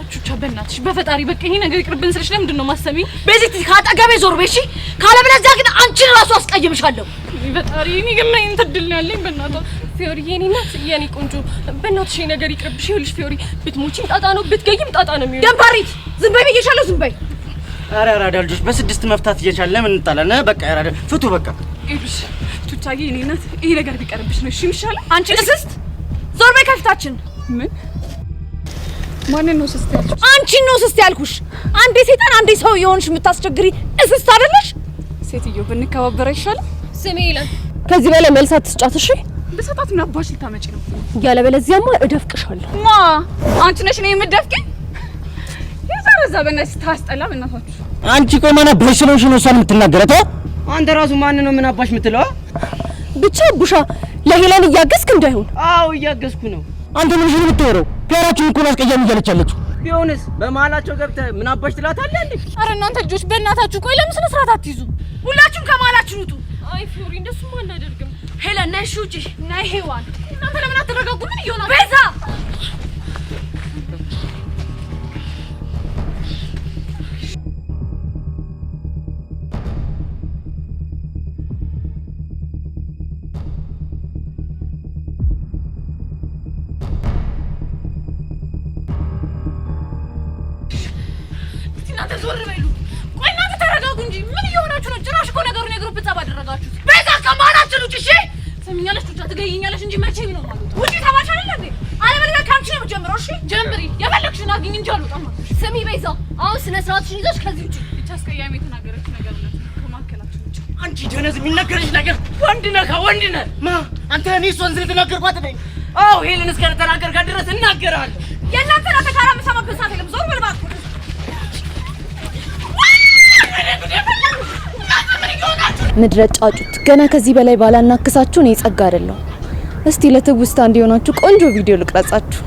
አንቺ ብቻ በእናትሽ በፈጣሪ በቃ ይሄ ነገር ይቅርብን ስልሽ ለምንድን ነው ማሰሚ? ቤዚት ከአጠገቤ ዞር በይ እሺ። ካለበለዚያ ግን አንቺን እራሱ አስቀይምሻለሁ። በፈጣሪ እኔ ግን ምን አይነት እድል ነው ያለኝ? በእናትህ ፊዮሪ፣ የኔ እናት፣ የኔ ቆንጆ፣ በእናትሽ ይሄ ነገር ይቅርብሽ። ይኸውልሽ ፊዮሪ፣ ብትሞቺም ጣጣ ነው፣ ብትገይም ጣጣ ነው የሚሆነው። ደንባሪት፣ ዝም በይ ብዬሻለሁ፣ ዝም በይ። አረ አራዳ ልጆች በስድስት መፍታት እየቻለ ለምን እንጣላለን? በቃ አራዳ ፍቱ፣ በቃ ይሉሽ ቱቻዬ፣ የኔ እናት፣ ይሄ ነገር ቢቀርብሽ ነው እሺ የሚሻለው። አንቺ እስስት፣ ዞር በይ ከፊታችን ምን ማንን ነው ስስት ያልኩሽ? አንቺን ነው ስስት ያልኩሽ። አንዴ ሴጣን አንዴ ሰው የሆንሽ የምታስቸግሪ እስስት አይደለሽ? ሴትዮ ብንከባበር አይሻልም? ስሜ ይላል። ከዚህ በላይ መልስ አትስጫት እሺ? በሰጣት ምን አባሽ ልታመጪ ነው? ያለበለዚያማ እደፍቅሻለሁ። ማ አንቺ ነሽ ነው የምትደፍቂኝ? ይዛረዛ በእናትሽ ታስጠላ። በእናታችሁ አንቺ ቆይ ማን አባሽ ስለሆንሽ ነው እሷን የምትናገረው? ተው አንተ ራሱ ማን ነው ምን አባሽ የምትለው? ብቻ ቡሻ ለሄለን እያገዝክ እንዳይሆን። አዎ እያገዝኩ ነው አንተ ምን ይሄን የምታወራው? ፒያራችን እኮ አስቀያሚ እያለች ቢሆንስ በመሀላቸው ገብተህ ምን አባሽ ትላታለህ እንዴ? አረ እናንተ ልጆች በእናታችሁ ቆይ፣ ለምን ስነ ስርዓት አትይዙ? ሁላችሁም ከመሀላችሁ ውጡ። አይ ፊዮሪ፣ እንደሱማ አናደርግም። ሄለን ነሽ ውጪ። ነይ ሄዋን፣ እናንተ ለምን አትረጋጉ? ምን እየሆናችሁ? ቤዛ እንጂ ምን እየሆናችሁ ነው? ጭራሽ እኮ ነገሩን የግሩፕ ጸብ አደረጋችሁ። በዛ ከማናችን ውጭ እሺ፣ ሰሚኛለሽ፣ ቱጫ ትገይኛለሽ እንጂ መቼም ነው ማለት ውጭ ተባሽ አይደለ እንዴ? አለበለዚያ ከአንቺ ነው የምጀምረው። እሺ ጀምሪ፣ የፈለግሽን አግኝ እንጂ አልወጣም። ስሚ ቤዛ፣ አሁን ስነ ስርዓትሽን ይዘሽ ከዚህ ውጭ። ብቻ አስቀያሚ የተናገረች ነገር አንቺ ደነዝ፣ የሚነገርሽ ነገር ወንድ ነህ ወንድ ነህ ማ አንተ እኔ እሷን ስለተናገርኳት ነኝ። አዎ ሄልን እስከተናገርካት ድረስ እናገርሃለሁ የእናንተ ምድረ ጫጩት ገና ከዚህ በላይ ባላናክሳችሁ እኔ ጸጋ አይደለሁ። እስቲ ለትውስታ እንዲሆናችሁ ቆንጆ ቪዲዮ ልቅረጻችሁ።